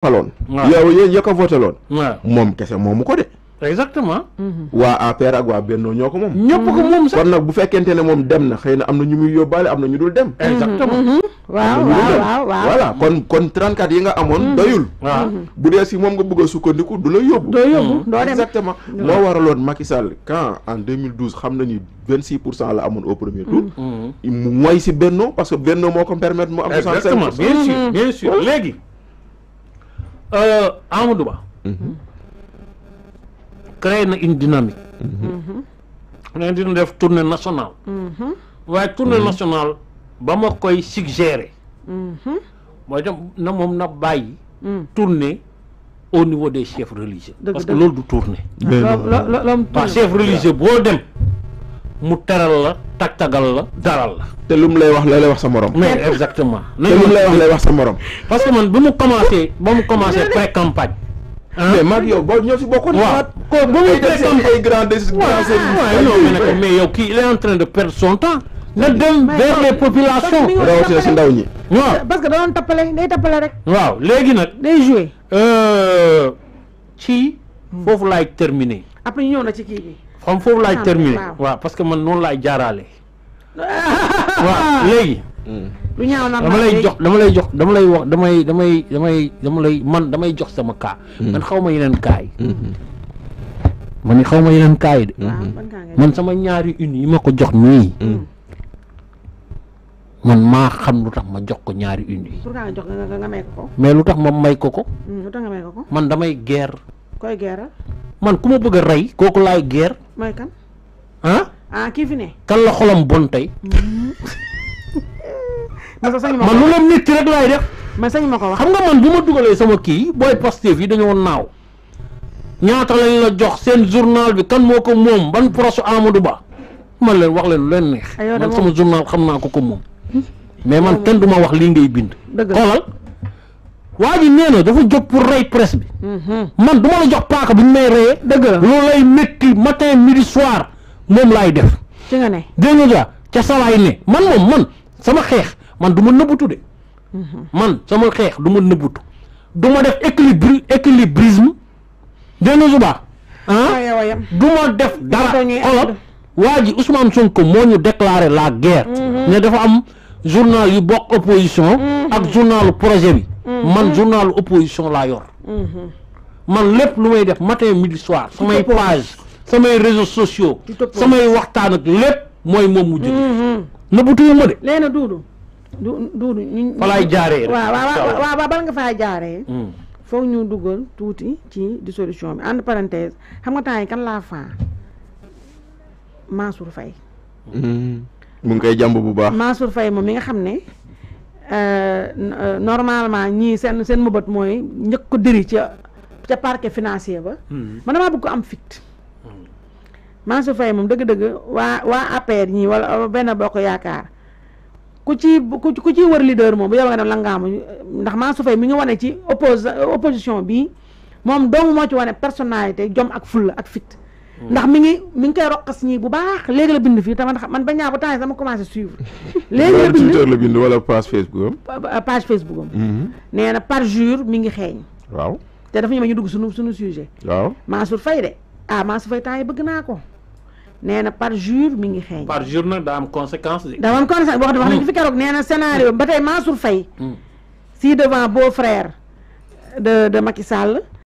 faloon yow yéen ko voté loon moom kese moomu ko de exactement mhm. waa APR ak waa Bennoo ñoo ko moom ñëpp ko kon nag bu fekkente ne moom dem na xëy na am na ñu muy yóbbaale am na ñu dul dem mhm. exactement mhm. waaw waaw waaw voilà kon kon 34 yi nga amoon doyul bu dee si moom nga bëgg a sukkandiku du la yóbbu doo yóbbu doo dem exactement moo waraloon Macky Sall quand en 2012 xam na ni vingt six pour cent la amoon au premier tour mooy si Bennoo parce que Bennoo moo ko permettre mu am soixante-cinq pour bien sûr bien sûr léegi Euh, Amadou Ba. Mhm. créé une dynamique. Mhm. nee dina def tournée nationale. Mhm. waaye tournée nationale ba ma koy suggérer. mooy dem na moom na tournée au niveau des chefs religieux. parce que nous, du tournée. Par chef religieux boo dem mu teral la tagtagal la daral la. te lu mu lay wax lay lay wax sa morom. mais exactement. te lu mu lay wax lay wax sa morom. parce que man bi mu commencé ba mu commencé pré campagne. Hein? mais maag yow boo ñoo si bokkoon. waaw ko ba mu pré campagne ay mais yow kii il est en train de perdre son temps. na dem vers les populations. rawatina si ndaw ñi. waaw parce que da doon tappale day tappale rek. waaw léegi nag. day joué. Euh, ci foofu laay terminer. après ñëw na ci kii bi. xam foofu laay ah, terminé waaw parce que man noonu laay jaaraale waaw léegi lu ñaaw na dama lay jox dama lay jox dama lay wax damay damay damay dama lay man damay jox sama kaa hmm. man xaw ma yeneen kaa yi hmm. man ma yeneen kaa yi ah, sama ñaari une yi ma ko jox nii hmm. man maa xam lu tax ma jox ko ñaari une yi mais lu tax ma may ko ko man damay guerre koy guerre man kuma bëgg ray koku lay guerre. moy kan. ah. ah ki fi ne. kan la xolam bon tay man lu la métti rek lay def. man sañ mako wax xam nga man buma duggalé sama ki Boy positif yi dañoo naaw. ñaata lañ la jox sen journal bi kan moko mom ban proso Amadou Ba man leen wax leen lu leen neex. man sama journal xamna ko ko mom hmm? mais man kenn duma wax li ngay bind. xolal waa ji nee na dafa jóg pour rey presse bi. man du ma la jox paaka bu ñu may reyee. dëgg la loolu lay métti matin midi soir moom laay def. ci nga ne dégg nga ca salaay ne man moom man sama xeex man du ma nëbbutu de. man sama xeex du ma nëbbutu du ma def équilibre équilibrisme dégg nga subaa. ah du def dara xolot waa ji Ousmane Sonko moo ñu déclaré la guerre. Mm-hmm. ne dafa am journal yu bokk opposition. Mm-hmm. ak journalu projet bi. Mm-hmm. man journal opposition laa yor. Mm-hmm. man lépp lu may def matin midi soir. samay page samay réseaux sociaux. samay waxtaan ak lépp mooy moom mu jël. Mm-hmm. nëbbutuñu ma de. léegi nag Doudou. du fa jaaree rek. waaw waaw waaw nga faa jaaree. Mm. foog ñu dugal tuuti ci dissolution bi entre parenthèse xam nga temps yi kan laa faa Mansour Faye. mu ngi nga xam ne. Euh, euh, normalement ñii seen seen mëbët mooy njëkk ko diri ca ca parquet financier ba hmm. man damaa bëgg ko am fict hmm. Mansour Faye moom dëgg-dëgg waa waa APR ñii wala benn bokk yaakaar ku ci ku ciy wër leader moom bu yow nga dem la ngaamu ndax Mansour Faye mi ngi wane ci oppos opposition bi moom doomu moo ci wane personnalité jom ak fulla ak fit ndax mi ngi mi ngi koy roqas ñii bu baax léegi la bind fii tamit man ba ñaa ba temps sama commencé suivre. léegi la bind Twitter wala page Facebook am. page Facebook am. Mm-hmm. nee na par jour mi ngi xeeñ. waaw te dafa ñëw ñu dugg sunu suñu sujet. waaw Mansour Faye de ah Mansour Faye temps yi bëgg naa ko. nee na par jour mi ngi xeeñ. par jour nag daa am conséquence. daa am conséquence wax wax nañu mm. fi keroog nee na scénario ba tey Mansour Faye. Mm. si devant beau frère de de Macky Sall.